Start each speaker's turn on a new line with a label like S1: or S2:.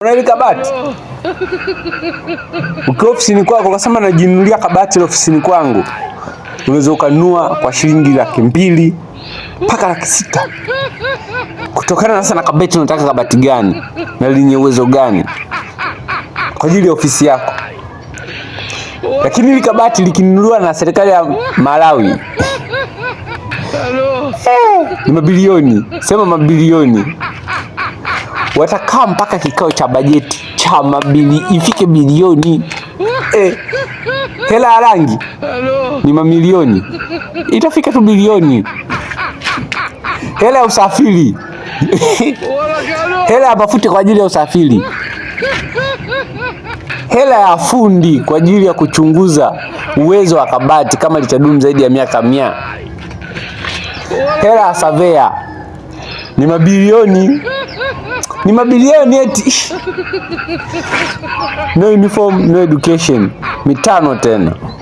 S1: Una kabati? Oh. Ukiwa ofisini kwako ukasema najinunulia kabati la ofisini kwangu. Unaweza ukanua kwa shilingi laki mbili mpaka laki sita. Kutokana na kabati, unataka kabati gani na lenye uwezo gani kwa ajili ya ofisi yako. Lakini hili kabati likinunuliwa na serikali ya Malawi eh, ni mabilioni, sema mabilioni watakaa mpaka kikao cha bajeti cha mabili ifike bilioni eh, hela ya rangi ni mamilioni, itafika tu bilioni. Hela ya usafiri hela ya mafuta kwa ajili ya usafiri, hela ya fundi kwa ajili ya kuchunguza uwezo wa kabati kama litadumu zaidi ya miaka mia, hela ya savea ni mabilioni ni mabilioni eti no uniform no education mitano tena